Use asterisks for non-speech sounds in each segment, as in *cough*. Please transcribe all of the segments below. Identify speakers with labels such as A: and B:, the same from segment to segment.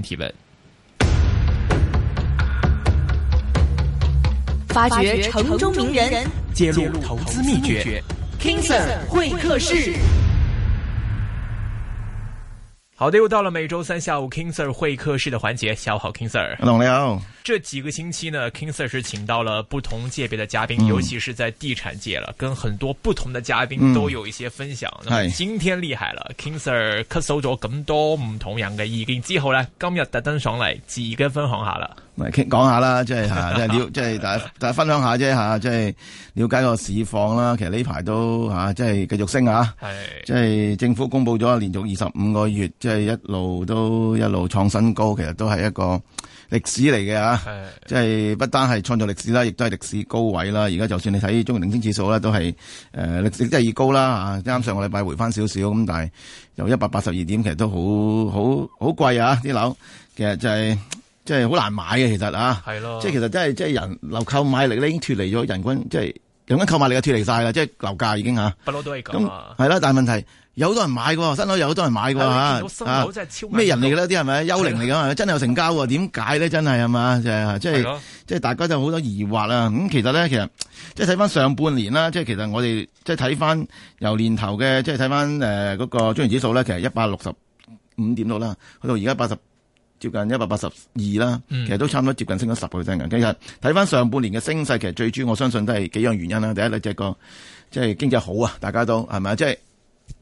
A: 提問，發掘城中名人，揭露投資秘訣，King Sir 會客室。好的，又到了每周三下午 King Sir 會客室的環節，小好，King Sir 這幾個星期呢，King Sir 是請到了不同界別的嘉賓，嗯、尤其是在地產界了，跟很多不同的嘉賓都有一些分享。嗯、今天厲害啦是，King Sir 吸收咗咁多唔同人嘅意見之後呢，今日特登上嚟自己分享下啦。
B: 咪講下啦，即係吓，即係即係，大家分享下啫吓，即係 *laughs* 了解個市況啦。其實呢排都吓，即、啊、係、就是、繼續升啊，即、就、係、是、政府公布咗連續二十五個月，即、就、係、是、一路都一路創新高，其實都係一個。歷史嚟嘅啊，即係是的 不單係創造歷史啦，亦都係歷史高位啦。而家就算你睇中原領先指數啦，都係誒歷史即係二高啦啊。啱上個禮拜回翻少少咁，但係由一百八十二點其實都好好好貴啊！啲樓其實就係即係好難買嘅，其實啊，係咯，即係其實真係即係人樓購買力咧已經脫離咗人均，即係人均購買力啊脫離晒啦，即係樓價已經吓，不嬲
A: 都係咁，
B: 係啦，但係問題。有好多人買嘅喎，新樓有好多人買嘅喎嚇啊！咩人嚟嘅咧？啲係咪幽靈嚟㗎？的真係有成交喎？點解咧？真係係嘛？誒、即係，即係即係大家就好多疑惑啊！咁其實咧，其實,其實即係睇翻上半年啦，即係其實我哋即係睇翻由年頭嘅，即係睇翻誒嗰個中原指數咧，其實一百六十五點六啦，去到而家八十接近一百八十二啦，其實都差唔多接近升咗十個 percent 嘅。其實睇翻上半年嘅升勢，其實最主要我相信都係幾樣原因啦。第一咧，即、即係、個即係、即係、經濟好啊，大家都係咪啊？即係。即係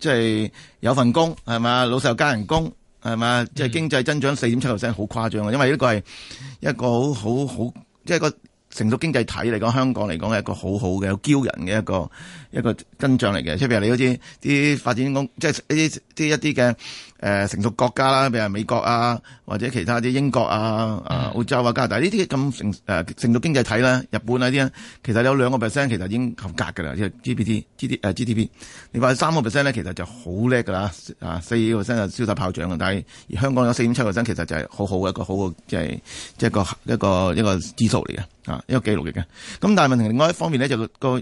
B: 即係有份工係嘛，老細又加人工係嘛，即係、就是、經濟增長四點七個 percent 好誇張嘅，因為呢個係一個好好好，即係、就是、個成熟經濟體嚟講，香港嚟講係一個很好好嘅、有驕人嘅一個。一個增長嚟嘅，即係譬如你好似啲發展工，即係一啲啲一啲嘅誒成熟國家啦，譬如美國啊，或者其他啲英國啊、啊澳洲啊、加拿大呢啲咁成誒、呃、成熟經濟體啦，日本啊啲啊，其實你有兩個 percent 其實已經合格㗎啦，即係 GPT、g d GTP、啊。GDP, 你話三個 percent 咧，其實就好叻㗎啦，啊四個 percent 就燒曬炮仗㗎，但係香港有四點七個 percent，其實就係好好嘅一個好嘅即係即係個一個一個指數嚟嘅，啊、就是、一,一,一,一,一個紀錄嚟嘅。咁但係問題另外一方面咧，就個。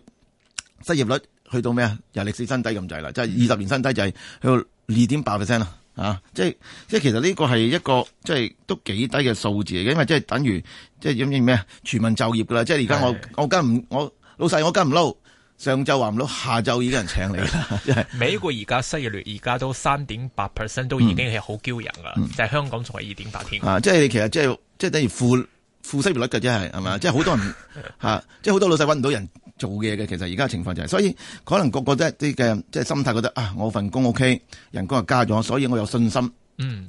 B: 失業率去到咩啊？由歷史新低咁滯啦，即係二十年新低就係去到二點八 percent 啦，啊，即係即係其實呢個係一個即係、即係、都幾低嘅數字嚟嘅，因為即係等於即係點點咩啊全民就業噶啦，即係而家我老我跟唔我老細我跟唔撈，上晝話唔撈，下晝已經人請你啦。即
A: 係、美國而家失業率而家都三點八 percent 都已經係好驕人啦、嗯、就係香港仲係二點八添。嗯、啊，
B: 即、就、係、是、其實即係即係等於負負失業率嘅啫，係係咪？即係好多人吓，即係好多老細搵唔到人。做嘢嘅，其實而家情況就係、是，所以可能個個都係啲嘅，即係心態覺得啊，我份工 OK，人工又加咗，所以我有信心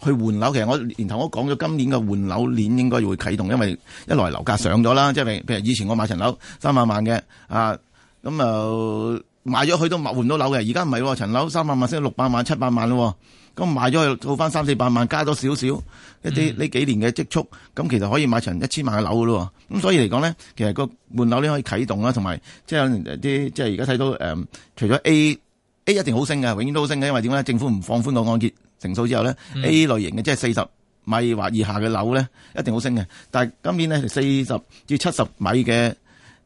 B: 去換樓。其實我年頭我都講咗，今年嘅換樓鏈應該會啟動，因為一來樓價上咗啦，即係、嗯、譬如以前我買層樓三百萬嘅啊，咁啊買咗去都買換到樓嘅，而家唔係層樓三百萬升到六百萬七百萬啦。咁賣咗去套翻三四百萬，加咗少少一啲呢幾年嘅積蓄，咁其實可以買成一千萬嘅樓噶咯。咁所以嚟講咧，其實個換樓咧可以啟動啦，同埋即係啲即係而家睇到除咗 A A 一定好升嘅，永遠都好升嘅，因為點咧？政府唔放寬到按揭成數之後咧、嗯、A 類型嘅即係四十米或以下嘅樓咧，一定好升嘅。但係今年咧，四十至七十米嘅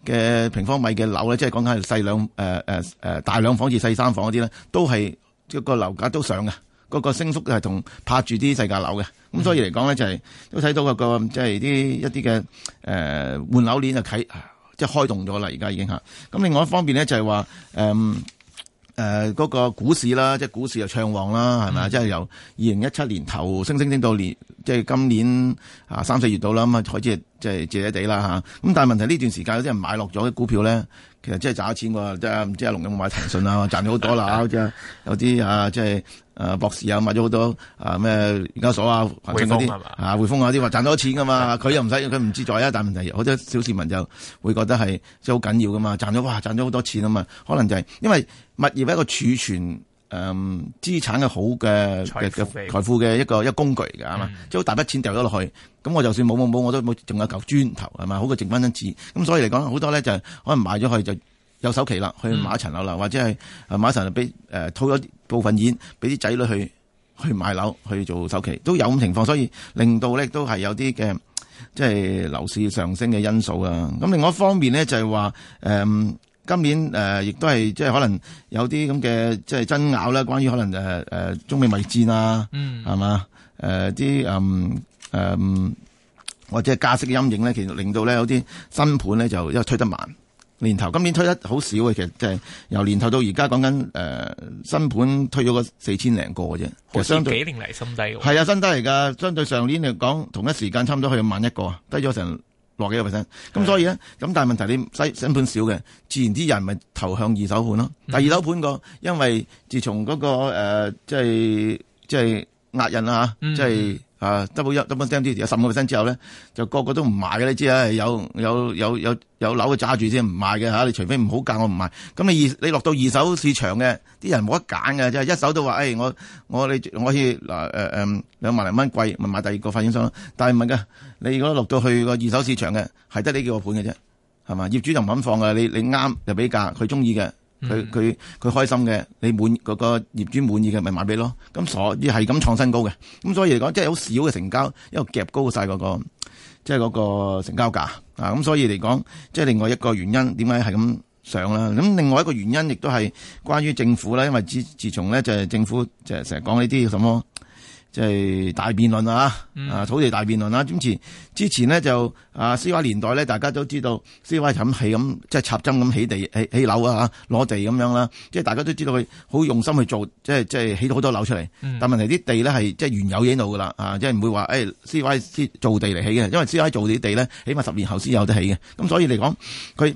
B: 嘅平方米嘅樓咧，即係講緊細兩誒誒誒大兩房至細三房嗰啲咧，都係個、即係、樓價都上嘅。個個升幅係同拍住啲世界樓嘅，咁所以嚟講呢，就係、是、都睇到、那個個即係啲一啲嘅誒換樓鏈就啟即係開動咗啦，而家已經吓，咁另外一方面呢，就係話誒誒嗰個股市啦，即係股市又暢旺啦，係咪啊？即係、嗯、由二零一七年頭升升升到年，即、就、係、是、今年啊三四月度啦，咁啊開始即係借地啦咁、啊、但係問題呢段時間有啲人買落咗啲股票咧，其實真係賺咗錢喎、啊，即係唔知阿龍有冇買騰訊啊？賺咗好多啦、啊，好似 *laughs* 有啲啊即係。誒、啊、博士啊，買咗好多啊咩？研究所啊，嗰啲啊匯豐啊啲吧，話、啊、賺咗錢噶嘛，佢的又唔使，佢唔自在啊。是的但問題好的多小市民就會覺得係即係好緊要噶嘛，賺咗哇，賺咗好多錢啊嘛。可能就係、是、因為物業係一個儲存誒、嗯、資產嘅好嘅財富嘅一個一個工具嚟㗎嘛。好、嗯、大筆錢掉咗落去，咁我就算冇冇冇，我都冇仲有嚿磚頭係嘛，好過剩翻一紙。咁所以嚟講，好多咧就是、可能買咗去就。有首期啦，去買一層樓啦，嗯、或者係買一層俾呃，套咗部分錢俾啲仔女去去買樓去做首期，都有咁情況，所以令到咧都係有啲嘅即係樓市上升嘅因素啊。咁另外一方面咧就係話誒今年誒、呃、亦都係即係可能有啲咁嘅即係爭拗啦，關於可能誒誒、呃、中美貿易戰啊，係嘛誒啲誒或者係加息嘅陰影咧，其實令到咧有啲新盤咧就因為推得慢，年頭今年推得好少嘅，其實即係由年頭到而家講緊誒新盤推咗個四千零個嘅啫，其實相對幾年
A: 嚟、哦、新低，係啊
B: 新低嚟噶，相對上年嚟講同一時間差唔多去到萬一個，低咗成落幾個 percent，咁所以咧咁的但係問題你新新盤少嘅，自然啲人咪投向二手盤咯，但、嗯、二手盤個因為自從嗰、那個誒即係即係壓印啊，即係。即啊，double 一 double stamp 啲有十五個 percent 之後咧，就個個都唔賣嘅。你知啊，有有有有有樓嘅揸住先唔賣嘅吓。你除非唔好價，我唔賣。咁你二你落到二手市場嘅，啲人冇得揀㗎。即係一手都話誒、哎，我我你我可以嗱誒誒兩萬零蚊貴，咪買第二個發展商咯。但係唔係噶，你如果落到去個二手市場嘅，係得你幾個盤嘅啫，係嘛業主就唔肯放噶。你你啱就俾價，佢中意嘅。佢佢佢開心嘅，你滿嗰、嗰個業主滿意嘅，咪賣俾咯。咁所以係咁創新高嘅。咁所以嚟講，即係好少嘅成交，因為夾高晒嗰、嗰個，即係嗰個成交價啊。咁所以嚟講，即、就、係、是、另外一個原因點解係咁上啦？咁另外一個原因亦都係關於政府啦，因為自自從咧就係、是、政府就係成日講呢啲什麼。即係大辯論啊！啊，土地大辯論啦！之前之前呢就啊，C Y 年代咧，大家都知道 C Y 咁起咁，即係插針咁起地起起樓啊嚇，攞地咁樣啦。即係大家都知道佢好用心去做，即係即係起咗好多樓出嚟。但問題啲地咧係即係原有嘢到噶啦，即係唔會話誒 C Y 先做地嚟起嘅，因為 C Y 做啲地咧，起碼十年後先有得起嘅。咁所以嚟講佢。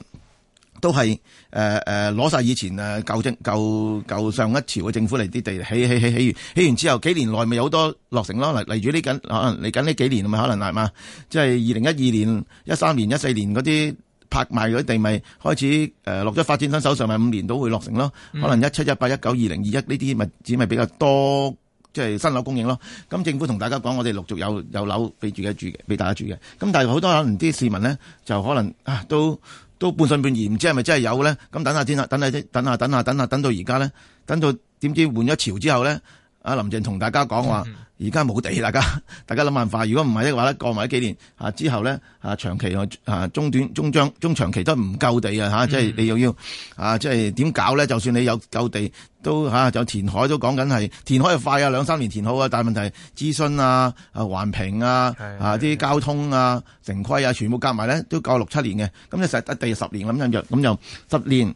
B: 都係誒誒攞晒以前誒、啊、舊政舊，舊上一朝嘅政府嚟啲地起起起起完起完之後幾年內咪有好多落成咯，例例如呢緊可能嚟緊呢幾年咪可能係嘛，即係二零一二年、一三年、一四年嗰啲拍賣嗰啲地咪開始誒落咗發展商手上，咪五年都會落成咯。嗯、可能一七一八一九二零二一呢啲咪只咪比較多，即係新樓供應咯。咁政府同大家講，我哋陸續有有樓俾住住嘅俾大家住嘅。咁但係好多可能啲市民呢，就可能啊都。都半信半疑，唔知係咪真係有咧？咁等下先啦，等下先，等下，等下，等下，等到而家咧，等到點知換咗朝之後咧，阿林鄭同大家講話。而家冇地啦，大家大家諗辦法。如果唔係嘅話咧，過埋呢幾年啊之後咧啊，長期啊中短中長中長期都唔夠地啊嚇，即係你又要啊即係點搞咧？就算你有夠地都，啊、就填海都講緊係填海又快啊，兩三年填好啊。但係問題諮詢啊啊環評是的 啊啊啲交通啊城規啊，全部夾埋咧都夠六七年嘅。咁你實得地十年咁樣就，咁就十年，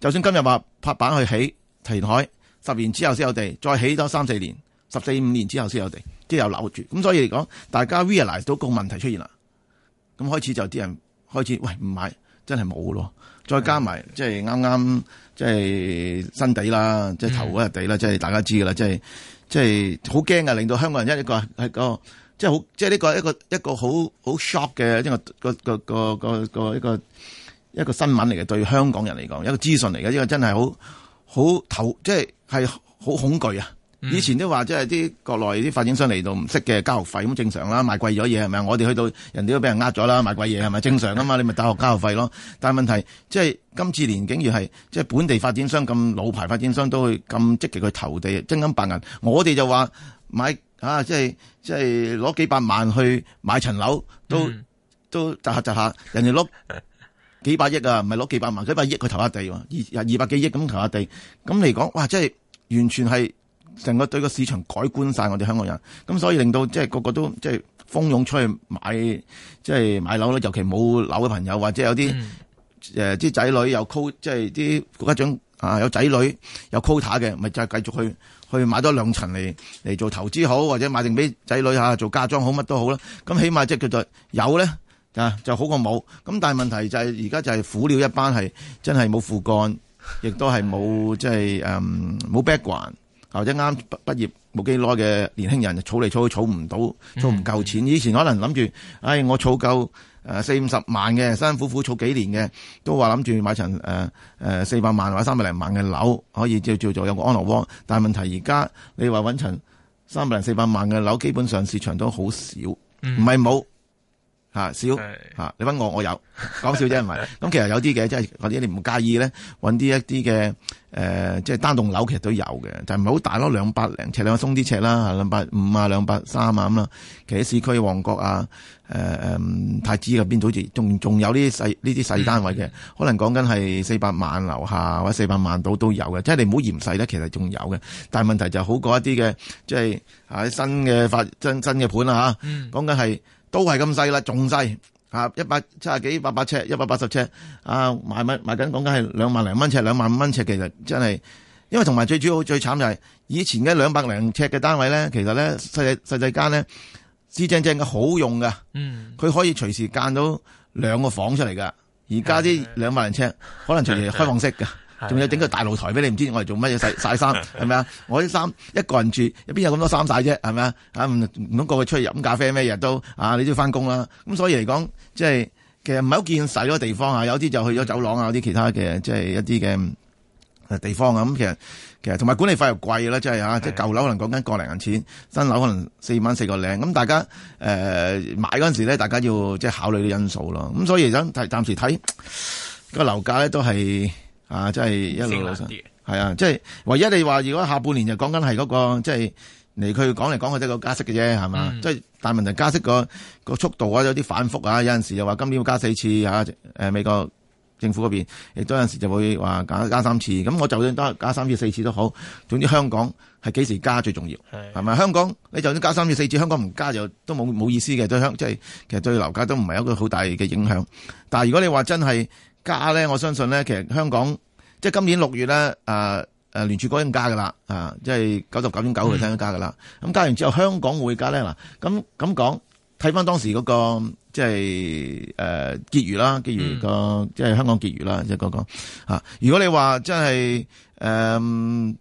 B: 就算今日話拍板去起填海，十年之後先有地，再起多三四年。十四五年之後先有地，即係有樓住。咁所以嚟講，大家 realize 到個問題出現啦。咁開始就啲人開始喂，唔係，真係冇咯。再加埋即係啱啱即係新地啦，即係頭嗰日地啦，即係大家知噶啦。即係即係好驚啊！令到香港人一個係個即係好即係呢個一個、就是、一個好好 shock 嘅一個個個個個一個一個新聞嚟嘅，對香港人嚟講一個資訊嚟嘅，因為真係好好投即係係好恐懼啊！以前都話，即係啲國內啲發展商嚟到唔識嘅交學費咁正常啦。賣貴咗嘢係咪？我哋去到人哋都俾人呃咗啦，賣貴嘢係咪正常啊？嘛，你咪大學交學費咯。但係問題即係今次年竟然係即係本地發展商咁老牌發展商都去咁積極去投地，真金白銀。我哋就話買啊，即係即係攞幾百萬去買層樓，都、嗯、都窒下窒下。人哋攞幾百億啊，唔係攞幾百萬幾百億去投下地喎，二二百幾億咁投下地咁嚟講，哇！即係完全係。成個對個市場改觀晒我哋香港人，咁所以令到即係個個都即係蜂擁出去買，即係買樓啦。尤其冇樓嘅朋友，或者有啲誒啲仔女有 co，即係啲家長啊有仔女有 quota 嘅，咪就係繼續去去買多兩層嚟嚟做投資好，或者買定俾仔女吓做嫁妝好，乜都好啦。咁起碼即係叫做有咧啊，就好過冇。咁但係問題就係而家就係苦了一班係真係冇父幹，亦都係冇即係誒冇 background。嗯或者啱畢畢業冇幾耐嘅年輕人，就儲嚟儲去儲唔到，儲唔夠錢。以前可能諗住，唉、哎，我儲夠誒四五十萬嘅，辛辛苦苦儲幾年嘅，都話諗住買層誒誒四百萬或者三百零萬嘅樓，可以叫叫做有個安樂窩。Walk, 但係問題而家你話搵層三百零四百萬嘅樓，基本上市場都好少，唔係冇。吓少吓，你問我我有講笑啫，唔係。咁其實有啲嘅，即係或者你唔介意咧，揾啲一啲嘅，誒，即係單棟樓其實都有嘅，就唔係好大咯，兩百零尺，兩百鬆啲尺啦，吓兩百五啊，兩百三啊咁啦。其實市區旺角啊，誒誒太子啊邊，好似仲仲有呢啲細呢啲細單位嘅， *laughs* 可能講緊係四百萬樓下或者四百萬到都有嘅，即係你唔好嫌細咧，其實仲有嘅。但係問題就好過一啲嘅，即係喺新嘅發新新嘅盤啦吓，講緊係。 *laughs* 都係咁細啦，仲細嚇，一百七十幾、八百尺、一百八十尺，啊賣物賣緊講緊係兩萬零蚊尺、兩萬五蚊尺，其實世世真係，因為同埋最主要最慘就係以前嘅兩百零尺嘅單位咧，其實咧細細細間咧，正正正嘅好用噶，嗯，佢可以隨時間到兩個房出嚟噶，而家啲兩百零尺可能隨時開放式噶。嗯 *laughs* 仲要整個大露台俾你，唔知我哋做乜嘢曬曬衫，係咪啊？ *laughs* 我啲衫一個人住，入邊有咁多衫晒啫？係咪啊？嚇唔通過去出去飲咖啡咩日都啊？你都要翻工啦。咁、啊、所以嚟講，即係其實唔係好見使嗰個地方，地方啊。有啲就去咗走廊啊，有啲其他嘅即係一啲嘅地方啊。咁其實其實同埋管理費又貴啦，即係啊，是的 即係舊樓可能講緊個零銀錢，新樓可能四蚊四個零。咁、啊、大家誒、呃、買嗰陣時咧，大家要即係考慮啲因素咯。咁、啊、所以想暫暫時睇、個樓價咧都係。啊，即係一路老實，係啊，即係唯一你話如果下半年就講緊係嗰個，即係你佢講嚟講去都係個加息嘅啫，係嘛？即係、嗯、大問題，加息個個速度啊，有啲反複啊，有陣時又話今年要加四次吓，誒、啊呃，美國政府嗰邊亦都有陣時就會話加加三次，咁我就算加加三次四次都好，總之香港係幾時加最重要，係咪是？香港你就算加三次四次，香港唔加就都冇冇意思嘅，對香即係其實對樓價都唔係一個好大嘅影響。但係如果你話真係。加咧，我相信咧，其實香港即係今年六月咧，誒誒，聯儲局已經加噶啦，啊，即係九十九點九 percent 加噶啦。咁、啊就是加，嗯、加完之後，香港會加咧嗱，咁咁講，睇翻當時嗰、那個即係誒結餘啦，結餘、那個即係、嗯、香港結餘啦，即、就是那個個吓、啊。如果你話真係誒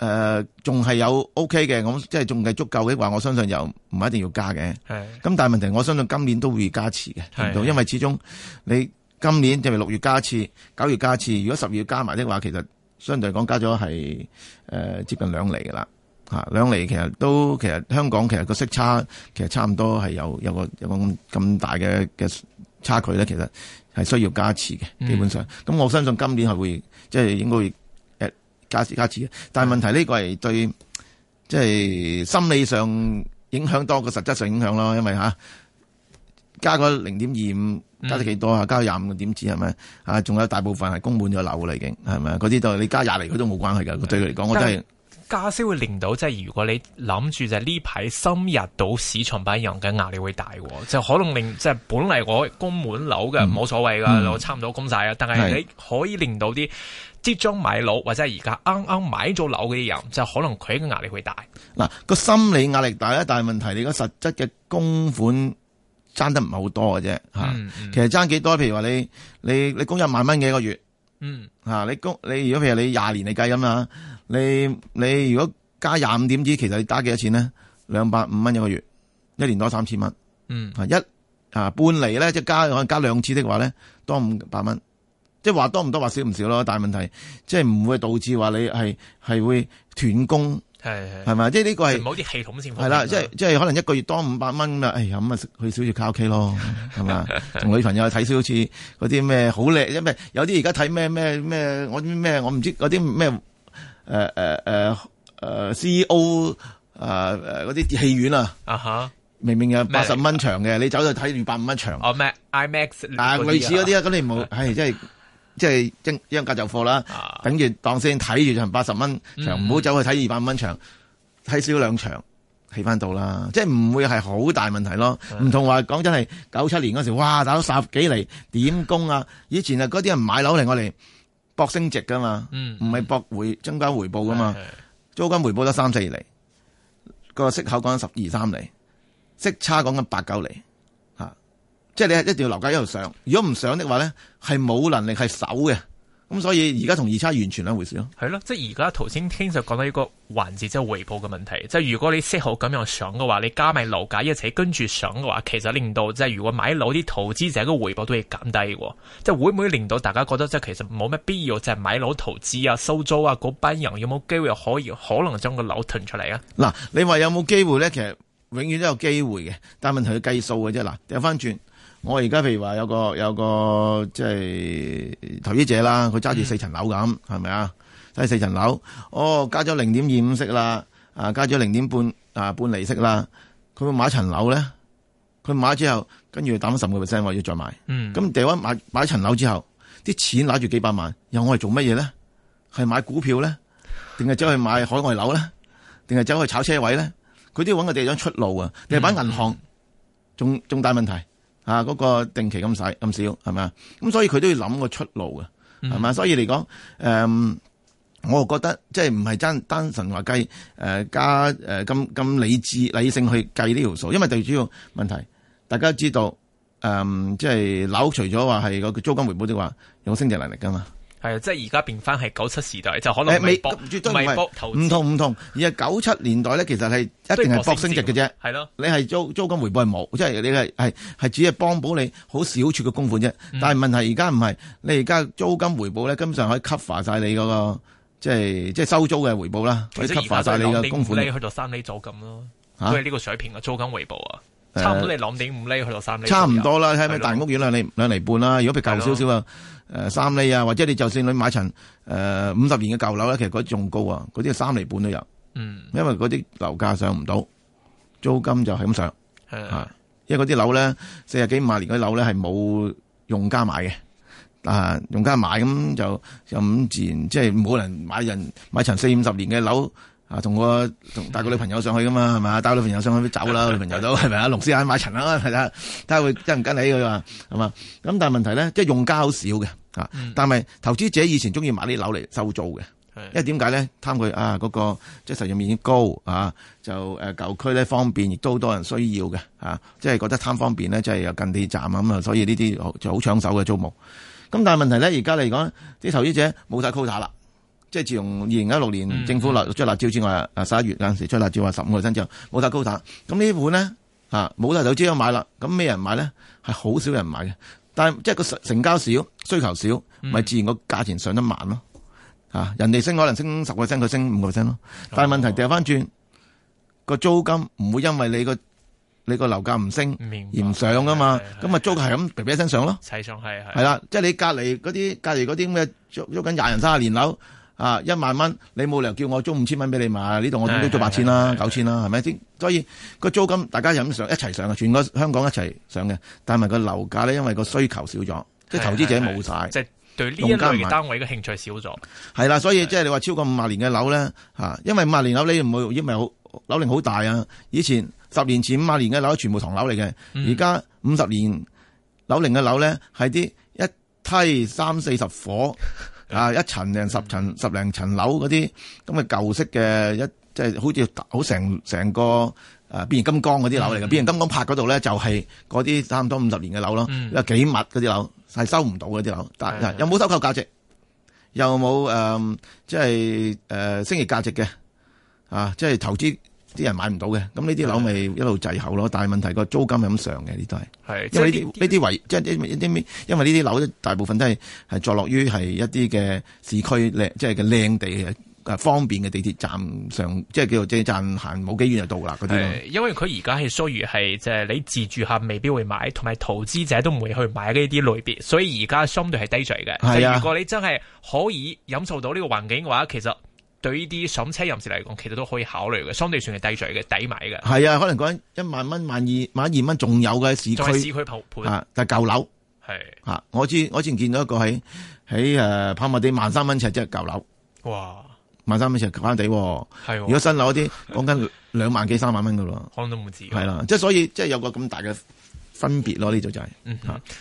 B: 誒仲係有 OK 嘅，咁即係仲係足夠嘅話，我相信又唔一定要加嘅。係的。咁但係問題，我相信今年都會加持嘅，到的因為始終你。今年就係六月加一次，九月加一次。如果十月加埋的話，其實相對嚟講加咗係誒接近兩厘啦，吓、啊、兩厘其實都其實香港其實個息差其實差唔多係有有個有個咁咁大嘅嘅差距咧，其實係需要加次嘅基本上。咁、嗯、我相信今年係會即係、就是、應該會誒、呃、加次加次嘅。但係問題呢個係對即係、就是、心理上影響多過實質上影響咯，因為吓、啊、加個零點二五。加咗幾多啊？加廿五點知係咪？啊，仲有大部分係供滿咗樓啦，已經係咪？嗰啲就係你加廿嚟，佢都冇關係噶。對佢嚟講，是我真係。
A: 加息會令到即係，如果你諗住就呢排深入到市場，班人嘅壓力會大，就可能令即係本嚟我供滿樓嘅冇所謂噶，嗯、我差唔多供晒啦。但係你可以令到啲、嗯、即將買樓或者係而家啱啱買咗樓嘅啲人，就可能佢嘅壓力會大。
B: 嗱，個心理壓力大咧，但係問題，你個實質嘅供款。爭得唔係好多嘅啫嚇，其實爭幾多？譬如話你你你供一萬蚊一個月，你供你如果譬如你廿年嚟計咁啦，你你如果加廿五點子，其實你加幾多錢咧？兩百五蚊一個月，一年多三千蚊，嚇、嗯、一嚇半厘咧，即係加可能加兩次的話咧，多五百蚊，即係話多唔多話少唔少咯。但係問題即係唔會導致話你係係會斷供。係係，係嘛？即係呢個係，冇啲系統先係啦。即係即係，可能一個月多五百蚊啦，哎呀，咁啊，去少少卡拉 OK 咯，係嘛？同女 *laughs* 朋友去睇少次好似嗰啲咩好叻，因為有啲而家睇咩咩咩，我啲咩我唔知嗰啲咩、誒誒誒誒 CEO 誒誒嗰啲戲院啊啊吓！明明有八十蚊場嘅，你走去睇要百五蚊場
A: 哦 IMAX 啊，類似嗰啲啊，
B: 咁你唔好，唉， *laughs* 即係。即係一一樣價就貨啦，啊、等住當先睇住就八十蚊場，唔好、嗯、走去睇二百蚊場，睇少兩場起翻到啦。即係唔會係好大問題咯。唔、嗯、同話講真係九七年嗰時，哇打到十幾厘點供啊！以前啊嗰啲人買樓嚟我哋博升值噶嘛，唔係、嗯、博回增加回報噶嘛。嗯嗯、租金回報得三四厘。個息口講緊十二三厘，息差講緊八九厘。即係你係一定要樓價一路上，如果唔上的話咧，係冇能力係守嘅。咁、嗯、所以而家同二差完全兩回事咯。
A: 係咯，即係而家頭先聽就講到呢個環節，即、就、係、係、回報嘅問題。即係如果你適好咁樣上嘅話，你加埋樓價一齊跟住上嘅話，其實令到即係如果買樓啲投資者嘅回報都要減低。即係會唔會令到大家覺得即係其實冇咩必要即係、就係、買樓投資啊、收租啊嗰班人有冇機會可以可能將個樓騰出嚟呀？嗱，你話有冇機會咧？其實永遠都有機會
B: 嘅，但問題要計數嘅啫。嗱，掉翻轉。我而家譬如話有個有個即係投資者啦，佢揸住四層樓咁，係咪、嗯、啊？揸住四層樓，哦加咗零點二五息啦，啊加咗零點半啊半厘息啦，佢會買一層樓咧？佢買之後跟住佢打翻十五 percent，我要再買。咁、嗯、地方買買一層樓之後，啲錢攞住幾百萬，又我係做乜嘢咧？係買股票咧？定係走去買海外樓咧？定係走去炒車位咧？佢都要揾個地方出路啊！你係擺銀行仲重、嗯、大問題。啊！嗰、那個定期咁使咁少係咪啊？咁所以佢都要諗個出路嘅，係咪？嗯、所以嚟講，誒、嗯，我覺得即係唔係真單純話計誒、呃、加誒咁咁理智理性去計呢條數，因為最主要問題大家知道誒、嗯，即係樓除咗話係個租金回報的話，有升值能力㗎嘛。
A: 係，即係而家變翻係九七時代，就可能未唔、欸、同唔
B: 同，而係九七年代咧，其實係一定係博升值嘅啫。係咯吧，你係租租金回報係冇，即係你係係係只係幫補你好少處嘅供款啫。嗯、但係問題而家唔係，你而家租金回報咧，根本上可以 cover 晒你嗰個、就是、即係即係收租嘅回報啦，可以 cover 晒你嘅供款。你去
A: 到三厘租金咯，吓呢、啊、個水平嘅租金回報啊，差唔多你兩點五厘去到三厘，吧差唔多
B: 啦。係咪？大屋苑兩厘兩吧厘半啦，如果平價少少啊。誒、呃，三厘啊，或者你就算你買層誒、呃、五十年嘅舊樓咧，其實嗰啲仲高啊，嗰啲三厘半都有。嗯，因為嗰啲樓價上唔到，租金就係咁上。係的啊，因為嗰啲樓咧四十幾五廿年嘅樓咧係冇用家買嘅，啊用家買咁就就咁自然即係冇人買人買層四五十年嘅樓啊，同個同帶個女朋友上去噶嘛，係嘛帶個女朋友上去都走啦， *laughs* 女朋友都係咪啊？龍斯眼買層啦，係睇下佢跟唔跟起佢話係嘛？咁但係問題咧，即係用家好少嘅。啊！但係投資者以前中意買啲樓嚟收租嘅，因為點解咧？貪佢啊，嗰個即係實用面積高啊，就誒舊區咧方便，亦都好多人需要嘅啊！即係覺得貪方便咧，即係有近地站咁啊，所以呢啲就好搶手嘅租務。咁但係問題咧，而家嚟講啲投資者冇晒 quota 啦，即係自從二零一六年政府立出辣招之外，之外了啊，十一月嗰陣時出辣招話十五個巴仙冇晒 quota，咁呢盤咧啊冇晒投資者買啦，咁咩人買咧？係好少人買嘅。但係即係個成交少，需求少，咪自然個價錢上得慢囉。嗯、人哋升可能升十個 percent，佢升五個 percent 囉。但係問題掉翻轉個租金唔會因為你個你個樓價唔升而唔上㗎嘛。咁啊白，租係咁俾俾一聲上囉。齊
A: 上係係啦，即
B: 係、就是、你隔離嗰啲隔離嗰啲咩，租租緊廿年、三十年樓。啊！一萬蚊，你冇理由叫我租五千蚊俾你嘛？呢度我都租八千啦、九千啦，係咪先？所以個租金大家咁上一齊上嘅，全個香港一齊上嘅。但係個樓價咧、就是，因為個需求少咗，即係投資者冇
A: 晒，即係對呢一類型單位嘅興趣少咗。
B: 係啦，所以即係你話超過五十年嘅樓咧嚇，因為五十年樓你唔會因為樓齡好大啊。以前十年前五十年嘅樓全部唐樓嚟嘅，而家五十年樓齡嘅樓咧係啲一梯三四十夥。啊！一層零十層、嗯、十零層樓嗰啲咁嘅舊式嘅一即係、就是、好似好成成個啊變形金剛嗰啲樓嚟嘅，變形、嗯、金剛拍嗰度咧就係嗰啲差唔多五十年嘅樓咯，有、嗯、幾密嗰啲樓係收唔到嗰啲樓，但係、嗯、有冇收購價值？又有冇誒即係誒升值價值嘅啊？即、就、係、是、投資。啲人買唔到嘅，咁呢啲樓咪一路滯後咯。但係是的 問題，個租金係咁上嘅，呢啲都係。係，因為呢啲呢啲即係呢啲因為呢啲樓大部分都係係坐落於係一啲嘅市區靚，即係嘅靚地、即係即係、方便嘅地鐵站上，即、就、係、是、叫做即係暫行冇幾遠就到啦嗰啲。
A: 因為佢而家係屬於係即係你自住客未必會買，同埋投資者都唔會去買呢啲類別，所以而家相對係低水嘅。是的 如果你真係可以忍受到呢個環境嘅話，其實。對呢啲上車人士嚟講，其實都可以考慮嘅，相對算係低水嘅，抵買嘅。係
B: 啊，可能講一萬蚊萬二萬二蚊仲有嘅市區，就市區盤，啊，但係舊樓係吓，我知我之前見到一個喺喺誒跑馬地萬三蚊尺，即係舊樓哇，萬三蚊尺拋物地係，
A: 如果新樓嗰
B: 啲講緊兩萬幾三萬蚊噶咯，可能
A: 都唔知係啦，即係所
B: 以即係有個咁大嘅。分別咯，呢度就係、是。嗯，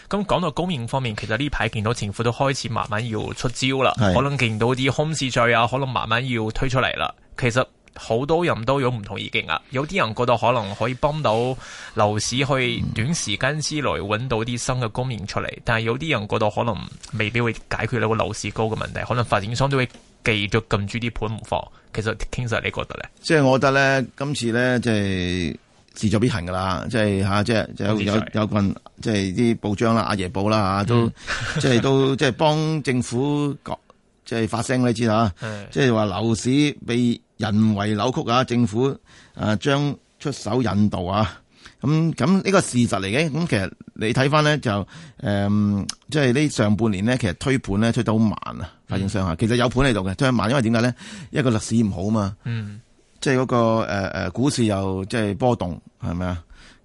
A: 咁講到供應方面，其實呢排見到政府都開始慢慢要出招啦，是可能見到啲空置稅啊，可能慢慢要推出嚟啦。其實好多人都有唔同意見啊，有啲人覺得可能可以幫到樓市去短時間之內揾到啲新嘅供應出嚟，嗯、但係有啲人覺得可能未必會解決到個樓市高嘅問題，可能發展商都會繼續撳住啲盤唔放。其實，King Sir 你覺得咧？
B: 即係我覺得咧，今次咧、就是，即係。勢在必行噶啦，即係吓，即係有在有有群即係啲報章啦、阿爺報啦，吓都，嗯、 *laughs* 都即係都即係幫政府講，即係發聲，你知啦，即係話樓市被人為扭曲啊，政府啊將出手引導啊，咁咁呢個事實嚟嘅。咁其實你睇翻咧就誒，即係呢上半年呢，其實推盤咧推得好慢啊，發展商啊，嗯、其實有盤喺度嘅，推得慢，因為點解咧？一個歷史唔好啊嘛。嗯即係、那、嗰個誒誒、呃呃，股市又即係波動，係咪啊？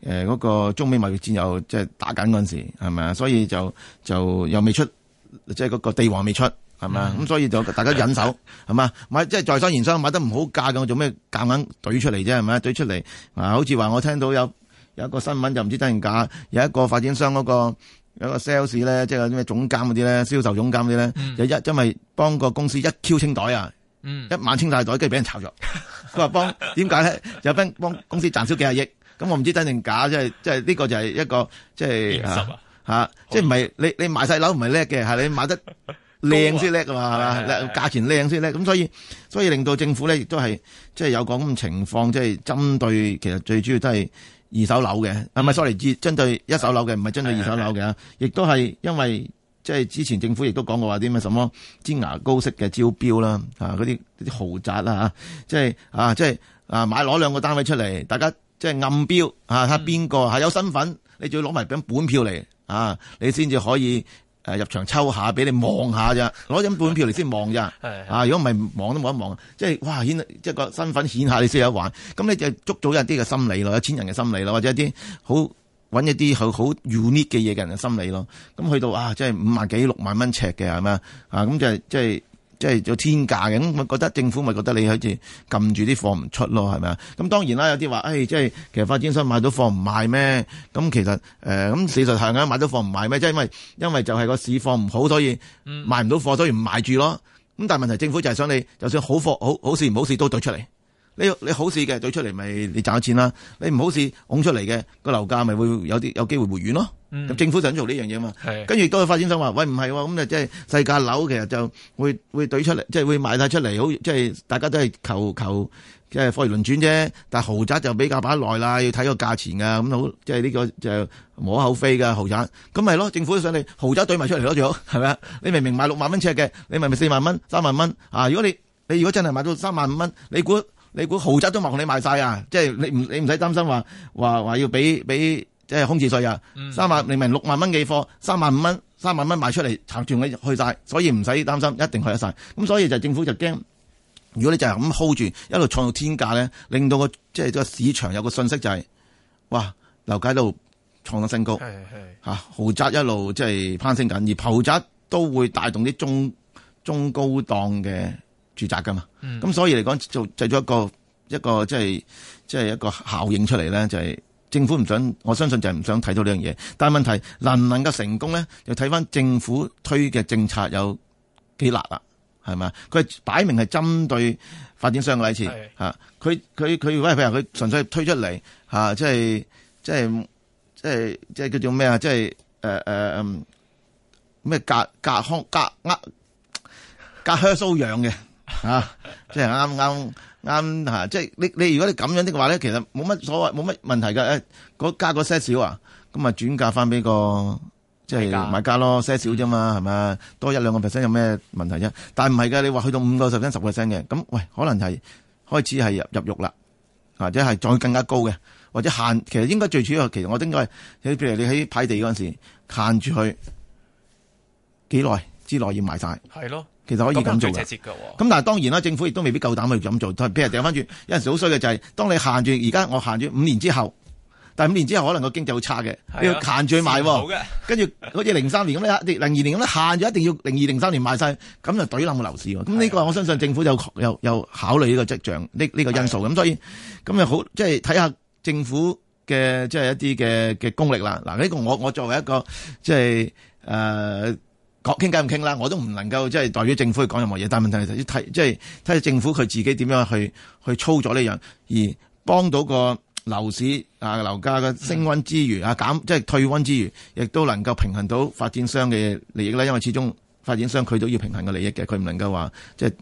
B: 誒、呃，嗰、那個中美貿易戰又即係打緊嗰陣時，係咪啊？所以就就又未出，即係嗰個地王未出，係咪啊？咁、mm. 嗯、所以就大家忍手，係嘛 *laughs* 買即係在商言商，買得唔好價嘅，我做咩夾硬懟出嚟？啫係咪懟出嚟啊？好似話我聽到有有一個新聞，就唔知道真定假，有一個發展商嗰、那個有個 sales 咧，即係啲咩總監嗰啲咧，銷售總監嗰啲咧，就一因為幫個公司一 q 清袋啊，mm. 一晚清晒袋，跟住俾人炒咗。佢話幫點解咧？有幫幫公司賺少幾廿億咁，我唔知真定假，即係即係呢個就係一個即係嚇即係唔係你你賣細樓唔係叻嘅，係你賣得靚先叻㗎嘛，係嘛吧是價錢靚先叻咁，是是是所以所以令到政府咧亦都係即係有個咁情況，即係針對其實最主要都係二手樓嘅啊，咪、嗯、sorry，指針對一手樓嘅，唔係針對二手樓嘅啊，亦都係因為。即係之前政府亦都講過話啲咩什麼尖牙膏式嘅招標啦，嗰啲啲豪宅啦，即係啊即係、就是、啊、就是、啊買攞兩個單位出嚟，大家即係暗標嚇睇下邊個係有身份，你就要攞埋本票嚟啊，你先至可以、啊、入場抽下俾你望下咋，攞張本票嚟先望咋， *laughs* 啊如果唔係望都冇得望、就是，即係哇顯即係個身份顯下你先有得玩，咁你就捉早一啲嘅心理咯，一千人嘅心理咯，或者一啲好。揾一啲好好 unique 嘅嘢嘅人嘅心理咯，咁去到啊，即係五萬幾六萬蚊尺嘅係咪啊？啊咁就即係即係有天價嘅，咁咪覺得政府咪覺得你好似撳住啲貨唔出咯，係咪啊？咁當然啦，有啲話，誒、哎、即係其實發展商買到貨唔賣咩？咁其實誒咁、呃、事實上，啊，買到貨唔賣咩？即係因為因為就係個市況唔好，所以賣唔到貨，所以唔賣住咯。咁但係問題政府就係想你，就算好貨好好事唔好事都對出嚟。你好市嘅，兌出嚟咪你賺錢啦。你唔好市，拱出嚟嘅個樓價咪會有啲有機會回軟咯。咁、嗯、政府想做呢樣嘢嘛。跟住都係發展商話：喂，唔係咁就即係世界樓，其實就會會兌出嚟，即係會賣晒出嚟，好即係大家都係求求，求即係貨如輪轉啫。但係豪宅就比較擺耐啦，要睇個價錢㗎。咁、嗯、好即係呢個就無可厚非㗎。豪宅咁咪咯，政府想你豪宅兌埋出嚟咯，最好，係咪啊？你明明賣六萬蚊尺嘅，你明明四萬蚊、三萬蚊啊！如果你你如果真係賣到三萬五蚊，你估？你估豪宅都賣同你賣晒啊！即、就、係、是、你唔你唔使擔心話話話要俾俾即係空置稅啊！嗯、三萬你明六萬蚊嘅貨，三萬五蚊三萬蚊賣出嚟，拆轉嘅去晒，所以唔使擔心，一定去得晒。咁所以就政府就驚，如果你就係咁 hold 住，一路創到天價咧，令到、那個即係、就是、個市場有個信息就係、是，哇！樓價喺度創到新高是是、啊，豪宅一路即係、就是、攀升緊，而豪宅都會帶動啲中中高檔嘅。住宅噶嘛，咁、嗯、所以嚟講，就製咗一個一個即係即係一個效應出嚟咧，就係、是、政府唔想，我相信就係唔想睇到呢樣嘢。但係問題能唔能夠成功咧，就睇翻政府推嘅政策有幾辣啦，係咪？佢係擺明係針對發展商嘅例次，吓佢佢佢譬如佢純粹推出嚟吓，即係即係即係即係叫做咩啊？即係誒誒咩隔隔康隔呃隔靴搔癢嘅。嗯 *laughs* 吓、 *laughs* 啊，即係啱啱啱吓，即係你你如果你咁樣嘅話咧，其實冇乜所謂，冇乜問題噶。誒、哎，嗰加嗰些少啊，咁啊轉嫁翻俾個即係買家咯，些少啫嘛，係咪、嗯，多一兩個 percent 有咩問題啫？但係唔係噶，你話去到五個 percent、十個 percent 嘅，咁喂，可能係開始係入入肉啦，或者係再更加高嘅，或者限，其實應該最主要，其實我應該，你譬如你喺派地嗰陣時限住去幾耐之內要賣晒，係咯。其實可以咁做嘅，咁、哦、但係當然啦，政府亦都未必夠膽去咁做。譬如掉翻轉，的有陣時好衰嘅就係、是，當你限住，而家我限住五年之後，但五年之後可能個經濟好差嘅，的你要限住賣。是是好 *laughs* 跟住好似零三年咁咧，零二年咁咧限住一定要零二零三年賣晒，咁就懟冧個樓市。咁呢的個我相信政府有有有考慮呢個跡象，呢、呢、呢個因素。咁的所以咁又好，即係睇下政府嘅即係一啲嘅嘅功力啦。嗱呢、呢個我我作為一個即係誒。即係呃講傾偈唔傾啦，我都唔能夠即係代表政府去講任何嘢。但係問題係睇即係睇政府佢自己點樣去去操作呢樣，而幫到個樓市啊，樓價嘅升溫之餘啊，減即係退溫之餘，亦都能夠平衡到發展商嘅利益啦。因為始終發展商佢都要平衡個利益嘅，佢唔能夠話即係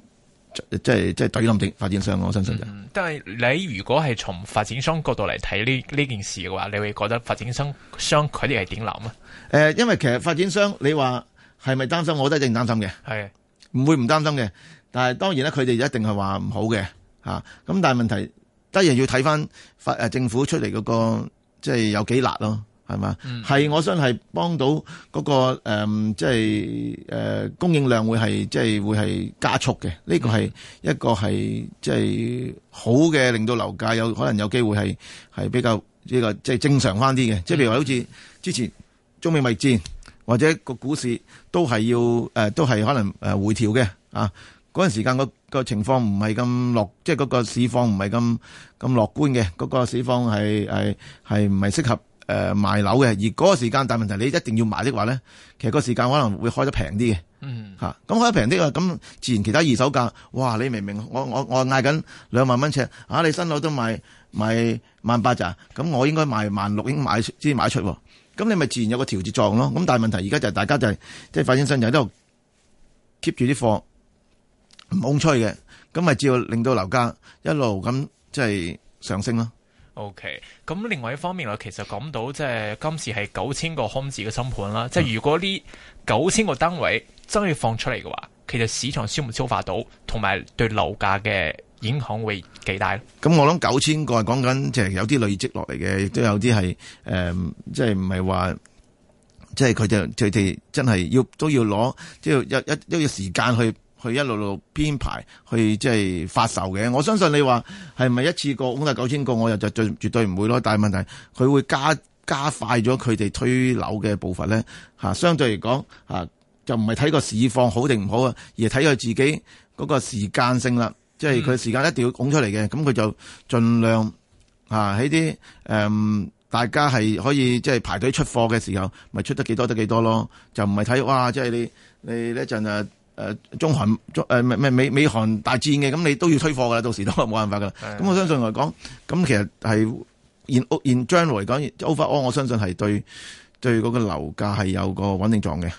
B: 即係即係懟冧啲發展商。我相信就、嗯、
A: 但係你如果係從發展商角度嚟睇呢呢件事嘅話，你會覺得發展商商佢哋係點諗啊？誒、
B: 呃，因為其實發展商你話。係咪擔心？我都係一定擔心嘅，係唔會唔擔心嘅。但係當然咧，佢哋一定係話唔好嘅吓。咁但係問題，當然要睇翻政府出嚟嗰個，即係有幾辣咯，係嘛？係，嗯，我想係幫到嗰個誒，即係誒供應量會係即係會係加速嘅。呢、嗯、個係一個係即係好嘅，令到樓價有可能有機會係係比較呢個即係正常翻啲嘅。即係譬如話，好似之前中美貿戰或者個股市都係要誒、呃，都係可能誒回調嘅啊！嗰、那、陣、個、時間，個情況唔係咁樂，即係嗰個市況唔係咁咁樂觀嘅。嗰、那個市況係係係唔係適合誒賣、呃、樓嘅？而嗰個時間，大問題你一定要買的話咧，其實個時間可能會開得平啲嘅。嗯，咁、啊、開得平啲啊！咁自然其他二手價，哇！你明明我我我嗌緊兩萬蚊尺啊，你新樓都賣賣萬八咋？咁我應該賣萬六應買先賣出喎咁你咪自然有個調節作用咯。咁但問題而家就係大家就係、是、即係發展商就喺度 keep 住啲貨唔空出嘅，咁咪只要令到樓價一路咁即係上升咯。
A: O K，咁另外一方面，我其實講到即係今次係九千個空置嘅新盤啦。即係、嗯、如果呢九千個單位真係要放出嚟嘅話，其實市場消唔消化到，同埋對樓價嘅。影響會幾大？
B: 咁我諗九千個係講緊，即係有啲累積落嚟嘅，亦都有啲係誒，即係唔係話即係佢就佢哋真係要都要攞，即係一一都要時間去去一路路編排去，去即係發售嘅。我相信你話係咪一次過咁到九千個，我又就最絕對唔會咯。但係問題佢會加加快咗佢哋推樓嘅步伐咧、啊、相對嚟講、啊、就唔係睇個市況好定唔好啊，而係睇佢自己嗰個時間性啦。即係佢時間一定要拱出嚟嘅，咁佢就盡量啊喺啲誒大家係可以即係、就是、排隊出貨嘅時候，咪出得幾多得幾多咯？就唔係睇哇！即係你你呢陣啊，中韓中、呃、美美，美韓大戰嘅，咁你都要推貨噶，到時都冇辦法噶。咁是的 我相信嚟講，咁其實係現現將來嚟講，over all, 我相信係對對嗰個樓價係有個穩定狀嘅。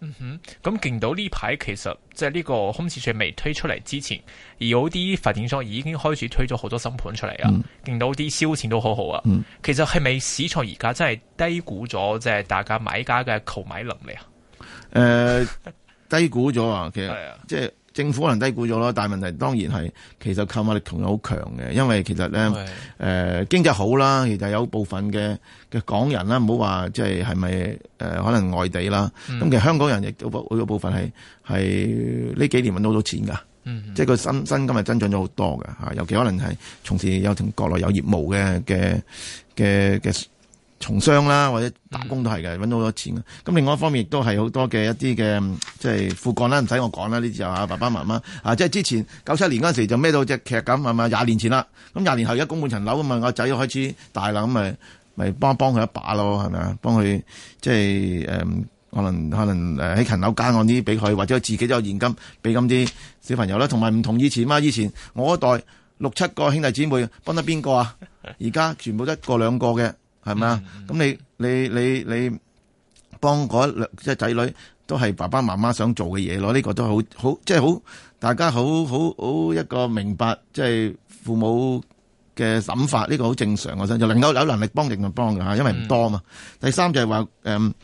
A: 嗯哼，咁見到呢排其實即係呢個空置稅未推出嚟之前，而有啲發展商已經開始推咗好多新盤出嚟啊，見到啲燒錢都好好啊。嗯、其實係咪市場而家真係低估咗，即係大家買家嘅購買能力
B: 啊？誒、呃，低估咗 *laughs* 實啊，其實即係。政府可能低估咗咯，但係問題當然係其實購物力同樣好強嘅。因為其實咧誒是、呃、經濟好啦，其實有部分嘅嘅港人啦，唔好話即係係咪誒可能外地啦，咁、嗯、其實香港人亦都有部分係係呢幾年搵到好多錢㗎，嗯、哼即係佢薪薪金係增長咗好多㗎嚇，尤其可能係從事有從國內有業務嘅嘅嘅嘅。從商啦，或者打工都係嘅，揾到好多錢。咁另外一方面，亦都係好多嘅一啲嘅，即係副幹啦，唔使我講啦。呢啲就阿、啊、爸爸媽媽啊，即係之前九七年嗰陣時候就孭到隻劇咁係咪廿年前啦？咁、啊、廿年後而家供半層樓咁嘛。我仔又開始大、嗯、幫幫啦，咁咪咪幫幫佢一把咯，係咪啊？幫佢即係誒、呃、可能可能誒喺層樓加按啲俾佢，或者自己都有現金俾咁啲小朋友啦。同埋唔同以前嘛，以前我一代六七個兄弟姊妹幫得邊個啊？而家全部得一個兩個嘅。係咪？咁你你你你幫嗰一兩即係仔女，都係爸爸媽媽想做嘅嘢咯。呢、這個都好好，即係好大家好好好一個明白，即係父母嘅諗法。呢、這個好正常嘅啫，就能夠有能力幫就幫嘅吓，因為唔多嘛。第三就係話誒。嗯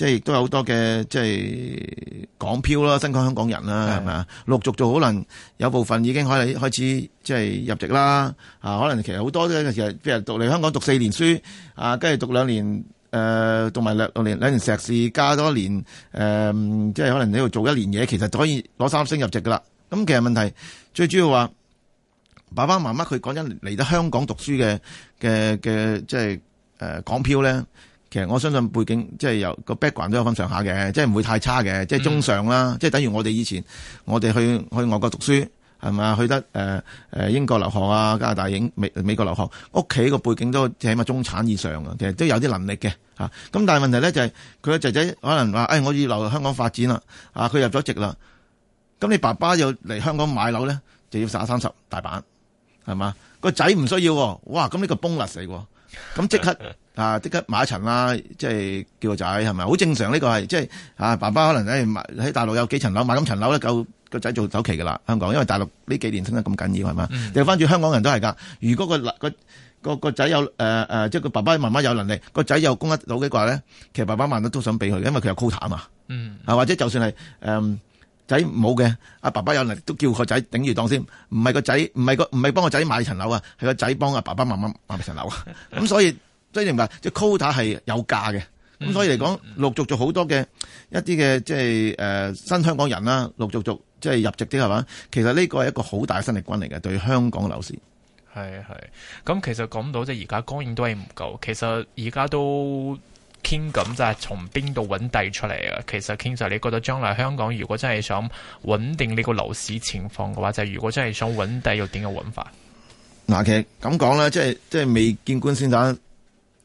B: 即係亦都有好多嘅即係港漂啦，新港香港人啦，係嘛？是的 陸續就可能有部分已經開始開始即係入籍啦。啊，可能其實好多嘅時候，譬如讀嚟香港讀四年書，啊，跟住讀兩年誒、呃，讀埋兩年兩年碩士，加多年誒、呃，即係可能你度做一年嘢，其實都可以攞三星入籍噶啦。咁、啊、其實問題最主要話，爸爸媽媽佢講緊嚟得香港讀書嘅嘅嘅即係誒、呃、港漂咧。其實我相信背景即係由個 background 都有分上下嘅，即係唔會太差嘅，即係中上啦。嗯、即係等於我哋以前我哋去去外國讀書係嘛？去得誒誒、呃、英國留學啊，加拿大英美美國留學，屋企個背景都起碼中產以上嘅、啊，其實都有啲能力嘅吓。咁、啊、但係問題咧就係佢個仔仔可能話誒、哎，我要留香港發展啦，啊，佢入咗籍啦。咁你爸爸又嚟香港買樓咧，就要殺三十大板係嘛？個仔唔需要、哦，哇！咁呢個崩落死喎。咁即刻 *laughs* 啊！即刻買一層啦，即係叫個仔係咪？好正常呢個係，即係啊！爸爸可能咧買喺大陸有幾層樓，買咁層樓咧夠個仔做首期噶啦。香港因為大陸呢幾年升得咁緊要係嘛，調翻轉香港人都係噶。如果個個個仔有誒誒、呃，即係個爸爸媽媽有能力，個仔有供得到嘅話咧，其實爸爸媽媽都想俾佢，因為佢有 quota 啊嘛。
A: 嗯，
B: 啊或者就算係誒。呃仔冇嘅，阿爸爸有能力都叫個仔頂住當先。唔係個仔，唔係個唔係幫個仔買層樓啊，係個仔幫阿爸爸媽媽買層樓啊。咁、 *laughs* 嗯、所以即係明白，即係 quota 係有價嘅。咁、嗯嗯、所以嚟講，陸續續好多嘅一啲嘅即係誒新香港人啦、啊，陸續續即係入籍啲係嘛？其實呢個係一個好大嘅新力軍嚟嘅對香港嘅樓市。
A: 係係，咁其實講到即係而家供應都係唔夠，其實而家都。King 咁就係從邊度揾地出嚟啊？其實 King 就你覺得將來香港如果真係想穩定呢個樓市情況嘅話，就係、如果真係想揾地，要點樣揾法？
B: 嗱，其實咁講啦，即係即係未見官先打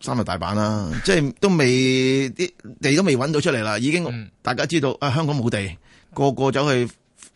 B: 三日大板啦， *laughs* 即係都未啲地都未揾到出嚟啦，已經、嗯、大家知道啊、哎，香港冇地，個個走去。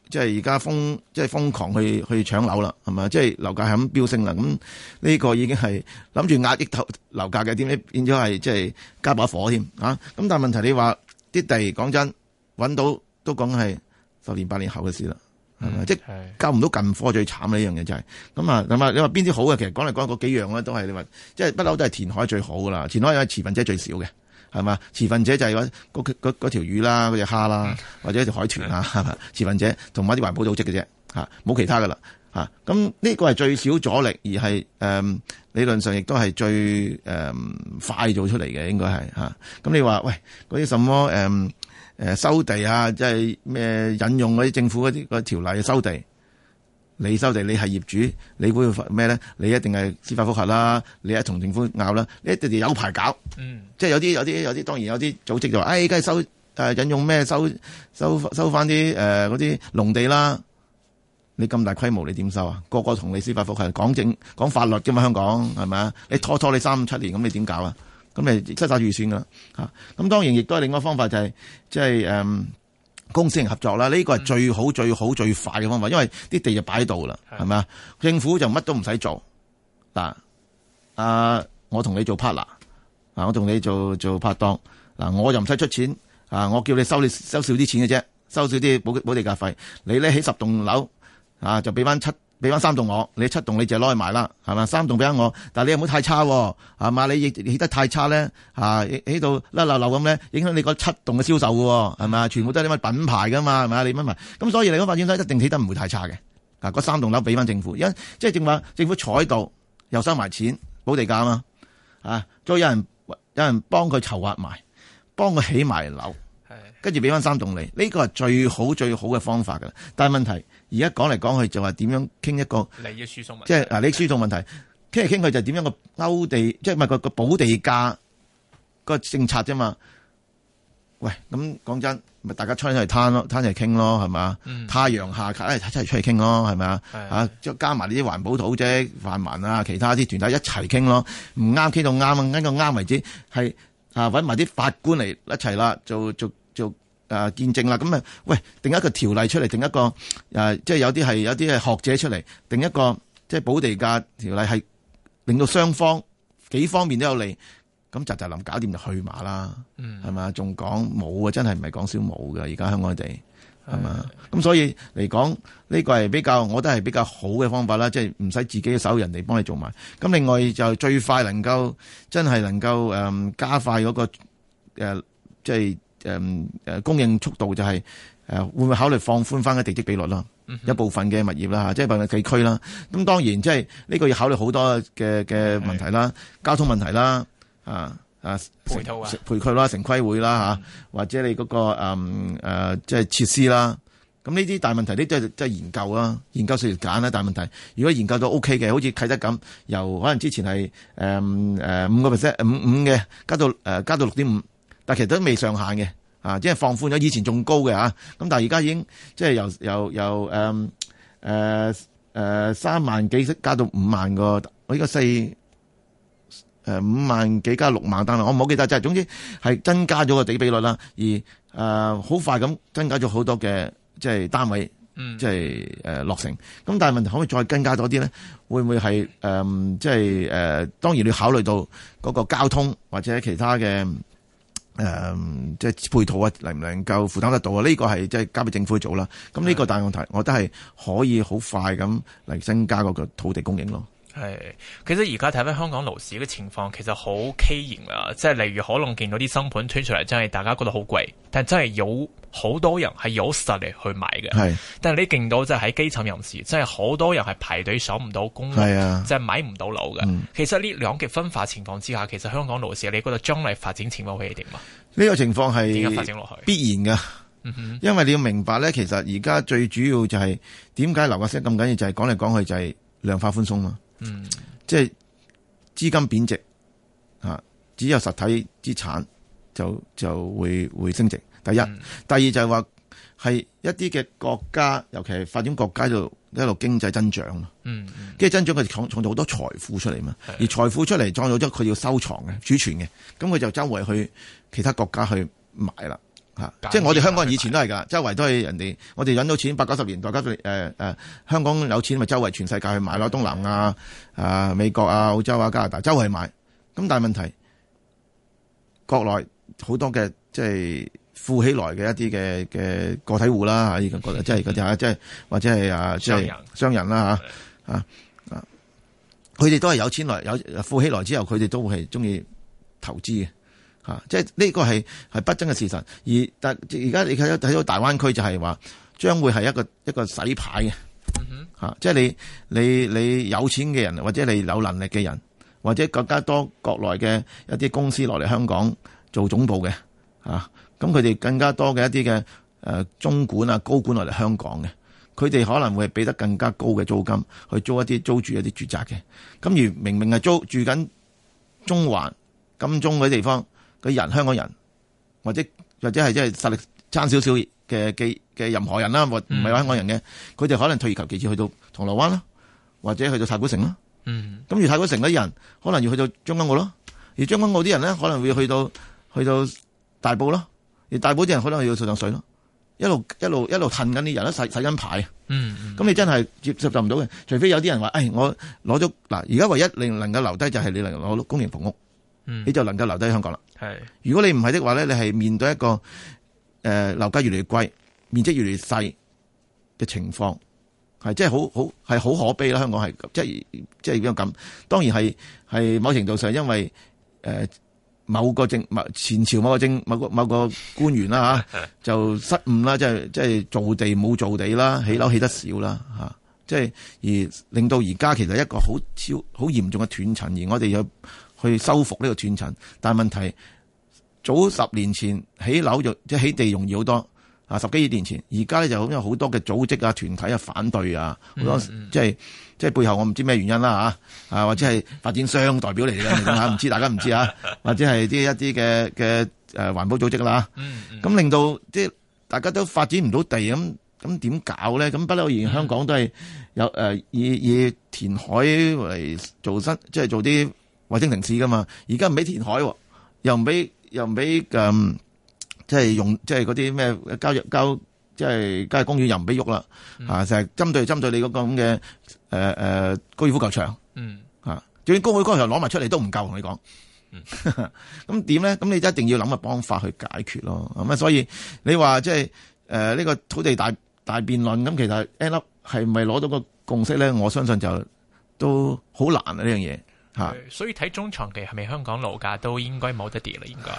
B: 即係而家瘋，即係瘋狂去去搶樓啦，係咪？即係樓價係咁飆升啦，咁呢個已經係諗住壓抑樓樓樓價嘅，點解變咗係即係加把火添啊？咁但係問題你話啲地講真揾到都講係十年八年後嘅事啦，係咪？嗯、即係救唔到近火最慘嘅呢樣嘢就係。咁啊，咁啊，你話邊啲好嘅？其實講嚟講去嗰幾樣咧，都係你話即係不嬲都係填海最好噶啦，填海有係持份者最少嘅。係嘛？持份者就係嗰嗰條魚啦，嗰隻蝦啦，或者條海豚啦，持份者同埋啲環保組織嘅啫，嚇、啊、冇其他噶啦，嚇，咁呢個係最少阻力，而係誒、嗯、理論上亦都係最誒快、嗯、做出嚟嘅，應該係嚇。咁、啊、你話喂嗰啲什麼誒誒、嗯、收地啊，即係咩引用嗰啲政府嗰啲個條例收地？你收地，你係業主，你會咩咧？你一定係司法復核啦，你一同政府拗啦，你一定就有排搞。嗯，即係有啲有啲有啲，當然有啲組織就話：哎，梗係收誒、呃，引用咩收收收翻啲誒嗰啲農地啦。你咁大規模，你點收啊？個個同你司法復核，講政講法律嘅嘛，香港係咪啊？你拖拖你三五七年，咁你點搞啊？咁你失曬預算噶啦吓，咁當然亦都係另外一個方法，就是，就係即係誒。嗯.公私營合作啦，呢個係最好，嗯、最好最快嘅方法，因為啲地就擺喺度啦，係咪啊？的政府就乜都唔使做，嗱，啊，我同你做 partner，啊，我同你做做拍檔，嗱，我又唔使出錢，啊，我叫你收你收少啲錢嘅啫，收少啲補補地價費，你咧起十棟樓，啊，就俾翻七。俾翻三棟我，你七棟你就攞去賣啦，係嘛？三棟俾翻我，但係你又唔好太差喎，係嘛？你起起得太差咧，啊，起到甩流流咁咧，影響你個七棟嘅銷售嘅喎，係嘛？全部都係啲乜品牌嘅嘛，係嘛？你乜埋？咁、嗯、所以你講發展商一定起得唔會太差嘅，嗱，嗰三棟樓俾翻政府，因為即係正話政府坐喺度又收埋錢補地價嘛。啊，再有人有人幫佢籌劃埋，幫佢起埋樓，跟住俾翻三棟你，呢、呢個係最好最好嘅方法㗎，但係問題。而家講嚟講去就係點樣傾一個利益輸送問題，即係嗱，呢輸送問題傾嚟傾去就點樣個勾地，即係唔係個保地價嗰個政策啫嘛？喂，咁講真，咪大家出去攤咯，攤就係傾咯，係嘛？嗯、太陽下卡真係出嚟傾咯，係咪啊？啊，是的 加埋呢啲環保土啫，泛民啊，其他啲團體一齊傾咯，唔啱傾到啱，跟個啱為止，係啊揾埋啲法官嚟一齊啦，做做做。啊，見證啦，咁啊，喂，定一個條例出嚟，定一個，誒、啊，即係有啲係有啲係學者出嚟定一個，即係保地價條例係令到雙方幾方面都有利，咁就就臨搞掂就去馬啦，係嘛？仲講冇啊，真係唔係講少冇㗎。而家香港地係嘛？咁是的 所以嚟講，呢個係比較，我覺得係比較好嘅方法啦，即係唔使自己嘅手人哋幫你做埋。咁另外就最快能夠真係能夠誒、呃、加快嗰個、呃、即係。嗯，誒，供應速度就係、是、誒會唔會考慮放寬翻嘅地積比率咯？嗯、哼一部分嘅物業啦，即係部分地區啦。咁當然即係呢個要考慮好多嘅嘅問題啦，是交通問題啦，啊啊配套啊，配套啦，城規會啦吓、啊，或者你嗰、那個誒誒即係設施啦。咁呢啲大問題呢即係即係研究啦，研究先至揀啦。大問題如果研究到 O K 嘅，好似啟德咁，由可能之前係誒誒五個 percent 五五嘅，加到誒加到六點五。但其實都未上限嘅，啊，即係放寬咗，以前仲高嘅吓。咁但係而家已經即係由由由誒誒三萬幾加到五萬個，我依個四、呃、五萬幾加六萬單啦。我唔好記得，即係總之係增加咗個地比率啦。而誒好、呃、快咁增加咗好多嘅即係單位，即係誒、呃、落成。咁但係問題可唔可以再增加多啲咧？會唔會係誒、呃、即係誒、呃？當然你要考慮到嗰個交通或者其他嘅。誒，即係、呃、配套啊，能唔能夠負擔得到啊？呢個係即係交俾政府做啦。咁呢的個大問題，我覺得係可以好快咁嚟增加個土地供應咯。
A: 係，其實而家睇返香港樓市嘅情況，其實好畸形啦。即係例如可能見到啲新盤推出嚟，真係大家覺得好貴，但真係有好多人係有實力去買嘅。係是，但係你見到即係喺基層人士，真係好多人係排隊上唔、啊、到工，即係買唔到樓嘅。其實呢兩極分化情況之下，嗯、其實香港樓市你覺得將來發展情況會係點呀？
B: 呢個情況係點樣發展落去？必然噶，因為你要明白咧，其實而家最主要就係點解樓價升咁緊要，就係講嚟講去就係量化寬鬆嘛。嗯，即係資金貶值，吓只有實體資產就就會會升值。第一，嗯、第二就係話係一啲嘅國家，尤其係發展國家度一路經濟增長嗯，跟、嗯、住增長佢創創造好多財富出嚟嘛，的而財富出嚟創造咗，佢要收藏嘅、儲存嘅，咁佢就周圍去其他國家去買啦。即係我哋香港人以前都係噶，周圍都係人哋。我哋揾到錢，八九十年代，誒誒，香港有錢咪周圍全世界去買咯，東南亞、啊美國啊、澳洲啊、加拿大周圍去買。咁但係問題，國內好多嘅即係富起來嘅一啲嘅嘅個體戶啦，吓，即係嗰啲吓，即係或者係啊，即係商人啦，吓啊，佢哋都係有錢來有富起來之後，佢哋都會係中意投資嘅。啊！即係呢個係係不爭嘅事實，而但而家你睇到睇到大灣區就係話，將會係一個一個洗牌嘅吓。嗯、哼即係你你你有錢嘅人，或者你有能力嘅人，或者更加多國內嘅一啲公司落嚟香港做總部嘅吓，咁佢哋更加多嘅一啲嘅誒中管啊高管落嚟香港嘅，佢哋可能會俾得更加高嘅租金去租一啲租住一啲住宅嘅。咁如明明係租住緊中環金鐘嗰啲地方。嘅人，香港人，或者或者係即係實力差少少嘅嘅嘅任何人啦，或唔係話香港人嘅，佢哋，嗯、可能退而求其次去到銅鑼灣啦，或者去到太古城啦。嗯。咁如太古城啲人，可能要去到將軍澳咯，而將軍澳啲人咧，可能會去到去到大埔咯，而大埔啲人可能去到上上水咯。一路一路一路褪緊啲人啦，洗洗緊牌啊，嗯。嗯。咁你真係接接受唔到嘅，除非有啲人話，誒、哎，我攞咗嗱，而家唯一令能夠留低就係你嚟攞公營房屋。你就能夠留低喺香港啦。如果你唔係的話咧，你係面對一個誒、呃、樓價越嚟越貴、面積越嚟越細嘅情況，係真係好好係好可悲啦。香港係即係即係比較咁。當然係係某程度上，因為誒、呃、某個政、前朝某個政、某個某個官員啦、啊、就失誤啦，即係即係造地冇造地啦，起樓起得少啦、啊、即係而令到而家其實一個好超好嚴重嘅斷層，而我哋有。去修復呢個斷層，但係問題早十年前起樓就即係起地容易好多啊，十幾二年前而家咧就好有好多嘅組織啊、團體啊反對啊，好多即係即係背後我唔知咩原因啦啊，或者係發展商代表嚟嘅嚇，唔知 *laughs* 大家唔知啊，或者係啲一啲嘅嘅誒環保組織啦，咁 *laughs* 令到即係大家都發展唔到地咁咁點搞咧？咁不嬲而香港都係有、呃、以以填海為做新，即係做啲。衛星城市噶嘛？而家唔俾填海、哦，又唔俾，又唔俾，咁即係用，即係嗰啲咩交易交，即、就、係、是、郊野公園又唔俾喐啦。嗯、啊，成日針對針對你嗰、那個咁嘅誒誒高爾夫球場。嗯。啊，就連高爾夫球場攞埋出嚟都唔夠，同你講。嗯。咁點咧？咁你一定要諗個方法去解決咯。咁啊，所以你話即係誒呢個土地大大辯論咁，其實 end up 係咪攞到個共識咧？我相信就都好難啊呢樣嘢。
A: 啊、所以睇中長期係咪香港樓價都應該冇得跌啦，應該。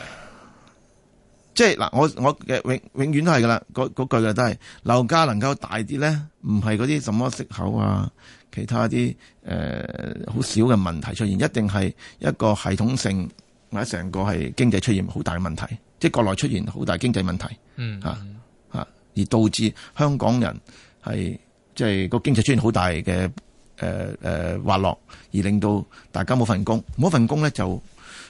B: 即係嗱，我我嘅永永遠都係㗎喇，嗰句啦都係樓價能夠大啲咧，唔係嗰啲什麼息口啊，其他啲誒好少嘅問題出現，一定係一個系統性或者成個係經濟出現好大嘅問題，即係國內出現好大經濟問題，嗯啊、嗯、啊，而導致香港人係即係個經濟出現好大嘅。誒誒、呃呃、滑落，而令到大家冇份工，冇份工咧就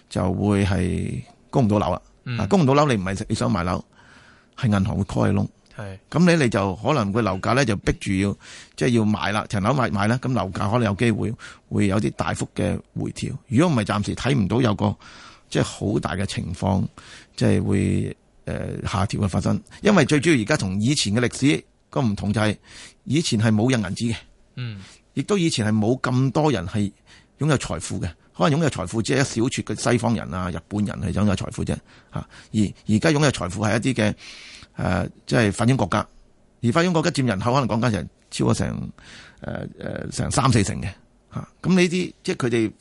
B: 就會係供唔到樓啦。啊、嗯，供唔到樓，你唔係你想買樓，係銀行會開窿是。係咁你你就可能會樓價咧就逼住要即係、就是、要買啦，層樓買買啦，咁樓價可能有機會會有啲大幅嘅回調。如果唔係暫時睇唔到有個即係好大嘅情況，即、就、係、是、會誒、呃、下跌嘅發生。因為最主要而家同以前嘅歷史個唔同就係、是、以前係冇印銀紙嘅。嗯。亦都以前係冇咁多人係擁有財富嘅，可能擁有財富只係一小撮嘅西方人啊、日本人係擁有財富啫。而而家擁有財富係一啲嘅即係發展國家，而發展國家佔人口可能講緊成超過成、呃、呃、成三四成嘅。咁呢啲即係佢哋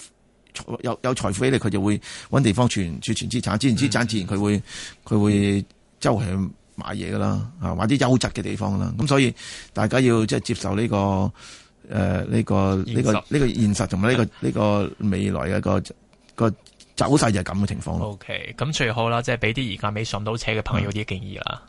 B: 有有財富你，佢就會搵地方存儲存資產，自然資產自然佢會佢會周圍去買嘢噶啦，或者啲優質嘅地方啦。咁、啊、所以大家要即係接受呢個。誒，呢、呃這個呢實、這個呢、這個現實，同埋呢個呢、這個未來嘅一 *laughs* 個個走勢就係咁嘅情況咯。O
A: K，咁最好啦，即係俾啲而家未上到車嘅朋友啲建議啦，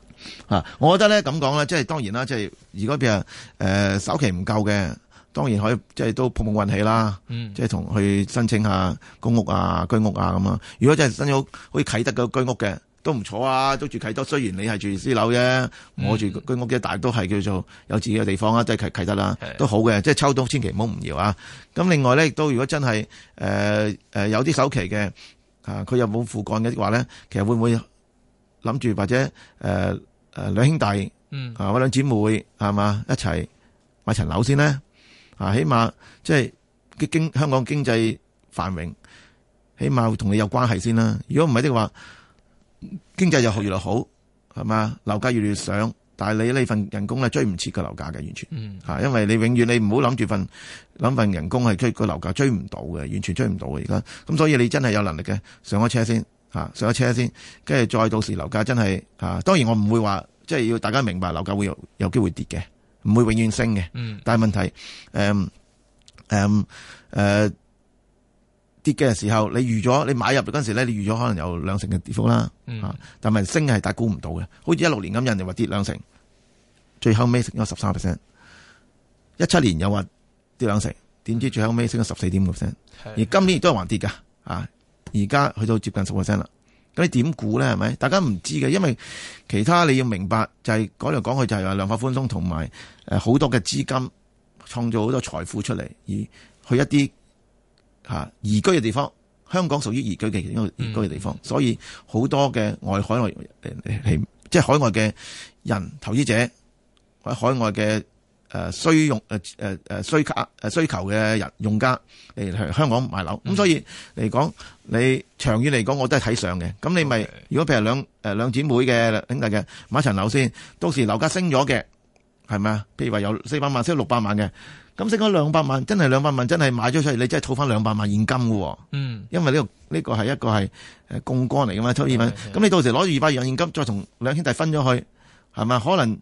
B: 嗯。啊，我覺得
A: 咧咁講啦，即係當然啦，即係如
B: 果譬如誒首、呃、期唔夠嘅，當然可以即係都碰碰運氣啦。嗯、即係同佢申請下公屋啊、居屋啊咁啊。如果真係申請好可以啟德個居屋嘅。都唔錯啊！都住啟德，雖然你係住私樓啫，嗯，我住居屋嘅，大都係叫做有自己嘅地方啦，啊，都啟啟德啦，都好嘅。是的 即係抽到，千祈唔好唔要啊！咁另外咧，亦都如果真係誒誒有啲首期嘅啊，佢有冇父幹嘅話咧，其實會唔會諗住或者誒誒，呃呃，兩兄弟，嗯、啊，或者兩姊妹係嘛一齊買一層樓先呢啊，起碼即係經香港經濟繁榮，起碼會同你有關係先啦。如果唔係，嘅話經濟就越嚟越好，係嘛？樓價越嚟越上，但係你呢份人工咧，追唔切個樓價嘅，完全吓，嗯、因為你永遠你唔好諗住份諗份人工係追個樓價追唔到嘅，完全追唔到嘅。而家咁所以你真係有能力嘅，上咗車先吓，上咗車先，跟住再到時樓價真係吓，當然我唔會話即係要大家明白樓價會有有機會跌嘅，唔會永遠升嘅。嗯、但係問題誒誒誒。嗯嗯呃跌嘅時候，你預咗你買入嗰陣時咧，你預咗可能有兩成嘅跌幅啦，吓、嗯，但係升係大估唔到嘅。好似一六年咁，人哋話跌兩成，最後尾升咗十三 percent。一七年又話跌兩成，點知最後尾升咗十四點五 percent。的而今年亦都係還跌噶，啊而家去到接近十 percent 啦。咁你點估咧？係咪？大家唔知嘅，因為其他你要明白就係講嚟講去就係話量化寬鬆同埋誒好多嘅資金創造好多財富出嚟，而去一啲。吓，宜居嘅地方，香港屬於宜居嘅，宜居嘅地方，所以好多嘅外海外誒，即係海外嘅人投資者，喺海外嘅誒、呃，需用誒誒誒，需求，誒需求嘅人用家嚟香港買樓，咁、嗯、所以嚟講，你長遠嚟講，我都係睇上嘅。咁你咪 Okay. 如果譬如兩誒兩姊妹嘅兄弟嘅買一層樓先，到時樓價升咗嘅，係咪啊？譬如話有四百萬升到六百萬嘅。咁升咗兩百萬，真係兩百萬，真係買咗出嚟，你真係套翻兩百萬現金嘅喎。嗯，因為呢、呢個呢、呢個係一個係槓桿嚟嘅嘛，邱二敏。咁是你到時攞住二百萬現金，再同兩兄弟分咗去，係咪？可能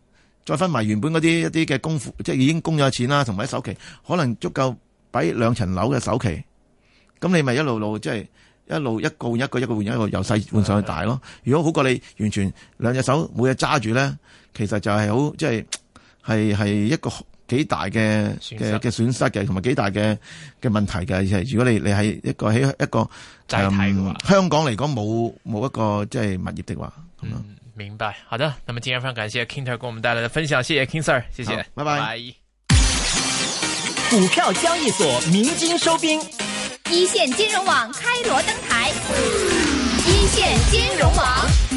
B: 再分埋原本嗰啲一啲嘅功夫，即係已經供咗錢啦，同埋首期，可能足夠畀兩層樓嘅首期。咁你咪一路路即係一路一,一,一,一個換一個，一個換一個，由細換上去大咯。是是是如果好過你完全兩隻手每日揸住咧，其實就係好即係係一個。幾大嘅嘅損失嘅，同埋幾大嘅嘅問題嘅，而且如果你你係一個喺一個誒香港嚟講冇冇一個即係物業的話，嗯，
A: 樣明白，好的，那麼今天非常感謝 King Sir 給我們帶來的分享，謝謝 King Sir，謝謝，拜拜。Bye bye Bye 股票交易所鳴金收兵，一線金融網開鑼登台，一線金融網。